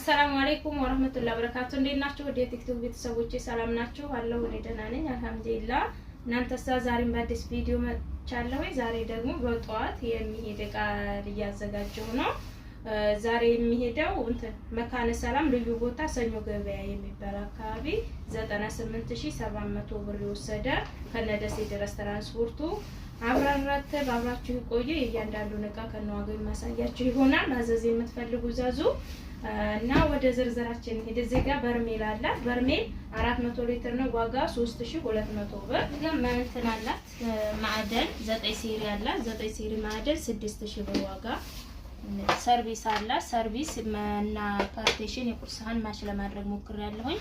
አሰላሙ አለይኩም ወረህመቱላ በረካቱ። እንዴት ናችሁ? ወደ ቲክቶክ ቤተሰቦቼ ሰላም ናችሁ? አለሁ እኔ ደህና ነኝ አልሐምዱሊላ። እናንተሳ ሳ ዛሬም በአዲስ ቪዲዮ መጥቻለሁ። ዛሬ ደግሞ በጠዋት የሚሄድ እቃ እያዘጋጀሁ ነው። ዛሬ የሚሄደው እንትን መካነ ሰላም ልዩ ቦታ ሰኞ ገበያ የሚባል አካባቢ ዘጠና87መቶ ብር የወሰደ ከነደሴ ድረስ ትራንስፖርቱ አብራራተ ባብራችሁ ቆየ። የእያንዳንዱን እቃ ከነዋጋው ማሳያችሁ ይሆናል። ማዘዝ የምትፈልጉ ዘዙ እና ወደ ዝርዝራችን ሄደ። እዚህ ጋር በርሜል አላት። በርሜል 400 ሊትር ነው ዋጋ 3200 ብር። እዚህ ጋር እንትን አላት ማዕደን 9 ሴሪ አላት። 9 ሴሪ ማዕደን 6000 ብር ዋጋ። ሰርቪስ አላት። ሰርቪስ እና ፓርቴሽን የቁርሳህን ማች ለማድረግ ሞክሬያለሁኝ።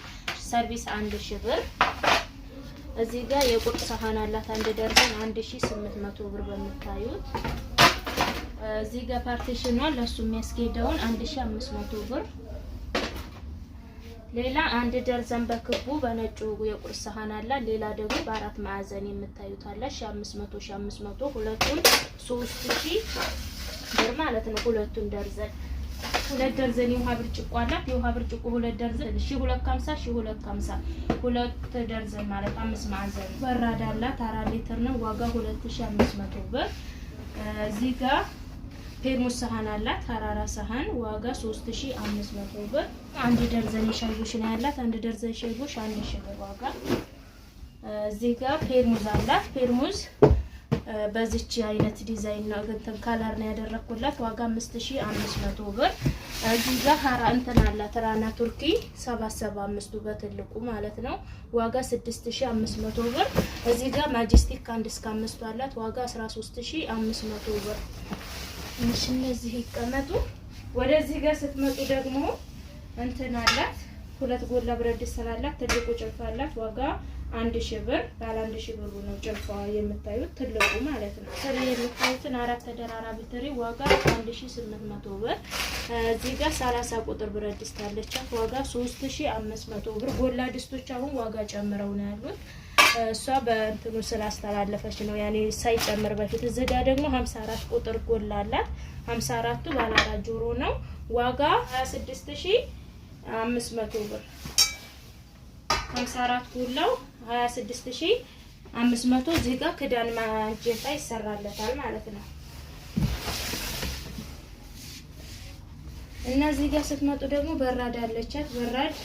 ሰርቪስ 1000 ብር እዚህ ጋር የቁርጥ ሰሃን አላት አንድ ደርዘን 1800 ብር በምታዩት። እዚህ ጋር ፓርቲሽኗን ለሱ የሚያስጌደውን 1500 ብር። ሌላ አንድ ደርዘን በክቡ በነጩ የቁርጥ ሰሃን አላት። ሌላ ደግሞ በአራት ማዕዘን የምታዩት አላት 1500 1500 ሁለቱን 3000 ብር ማለት ነው። ሁለቱን ደርዘን ሁለት ደርዘን የውሃ ብርጭቆ አላት። የውሃ ብርጭቆ ሁለት ደርዘን ሺ ሁለት ሺ ሁለት ሁለት ደርዘን ማለት አምስት ማዕዘን በራዳ አላት። አራት ሊትር ነው ዋጋ ሁለት አምስት መቶ ብር። እዚህ ጋር ፔርሙስ ሰሃን አላት። ሀራራ ሳህን ዋጋ 3500 ብር። አንድ ደርዘን ሻይ ጉሽ ነው ያላት። አንድ ደርዘን ሻይ አንድ 1000 ብር ዋጋ። እዚህ ጋር ፔርሙዝ አላት። ፔርሙዝ በዚች አይነት ዲዛይን ነው እንትን ካላር ነው ያደረኩላት። ዋጋ 5500 ብር። እዚህ ጋር ሀራ እንትን አላት ራና ቱርኪ 775 በትልቁ ማለት ነው። ዋጋ 6500 ብር። እዚህ ጋር ማጀስቲክ ከአንድ እስከ አምስቱ አላት። ዋጋ 13500 ብር። እነዚህ ይቀመጡ። ወደዚህ ጋር ስትመጡ ደግሞ እንትን አላት ሁለት ጎላ ብረት ድስት ስላላት ትልቁ ጭልፋ አላት። ዋጋ አንድ ሺህ ብር። ባለ አንድ ሺህ ብሩ ነው ጭልፋዋ የምታዩት ትልቁ ማለት ነው። ስሪ የምታዩትን አራት ተደራራቢ ትሪ ዋጋ አንድ ሺህ ስምንት መቶ ብር። እዚህ ጋር ሰላሳ ቁጥር ብረት ድስት አለቻት። ዋጋ ሶስት ሺህ አምስት መቶ ብር። ጎላ ድስቶች አሁን ዋጋ ጨምረው ነው ያሉት። እሷ በእንትኑ ስላስተላለፈች ነው ያኔ ሳይጨምር በፊት። እዚህ ጋር ደግሞ 54 ቁጥር ጎላ አላት። 54ቱ ባለ አራት ጆሮ ነው ዋጋ 26000 አምስት መቶ ብር ሀምሳ አራት ሁላው ሀያ ስድስት ሺህ አምስት መቶ እዚህ ጋር ክዳን ማጀታ ይሰራለታል ማለት ነው። እና እዚህ ጋር ስትመጡ ደግሞ በራድ አለቻት። በራድ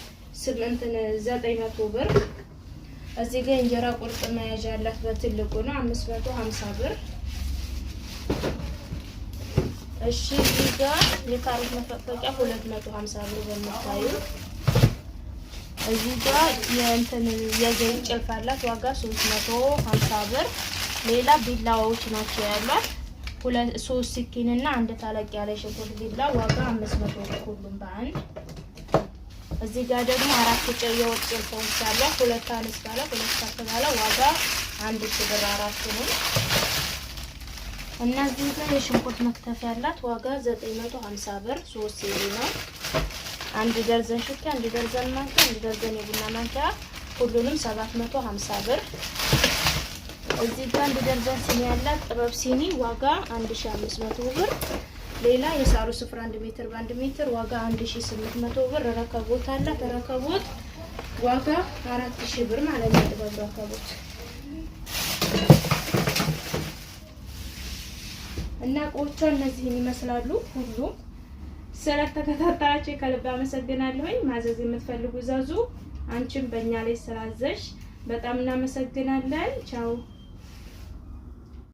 ስምንት ዘጠኝ መቶ ብር እዚህ ጋር እንጀራ ቁርጥ መያዣ አላት። በትልቁ ነው አምስት መቶ ሀምሳ ብር እሺ እዚህ ጋር የካሮት መፈቀቂያ 250 ብር በሚታዩ እዚህ ጋር የእንትን የዘይት ጭልፍ አላት ዋጋ 350 ብር። ሌላ ቢላዋዎች ናቸው ያሏት ሁለት ሶስት ስኪን እና አንድ ታለቅ ያለ ሽንኩርት ቢላ ዋጋ 500 ብር ሁሉም በአንድ እዚህ ጋር ደግሞ አራት የወጥ ጭልፎች አሏት ሁለት አንስ ባለ ሁለት ከፍ ባለ ዋጋ አንድ ሺህ ብር አራት ነው። እና ጋር የሽንኩርት መክተፊያ አላት። ዋጋ 950 ብር 3 ሲሊ ነው። አንድ ደርዘን ሹካ፣ አንድ ደርዘን ማንኪያ፣ አንድ ደርዘን የቡና ማንኪያ ሁሉንም 750 ብር። እዚህ ጋር አንድ ደርዘን ሲኒ ያላት ጥበብ ሲኒ ዋጋ 1500 ብር። ሌላ የሳሩ ስፍራ 1 ሜትር በ1 ሜትር ዋጋ 1800 ብር። ረከቦት አላት። ረከቦት ዋጋ 4000 ብር ማለት ነው። ጥበብ ረከቦት እና ቆቿ እነዚህን ይመስላሉ። ሁሉም ስለተከታተላችሁ ከልብ አመሰግናለሁኝ። ማዘዝ የምትፈልጉ ዘዙ። አንቺም በእኛ ላይ ስላዘሽ በጣም እናመሰግናለን። ቻው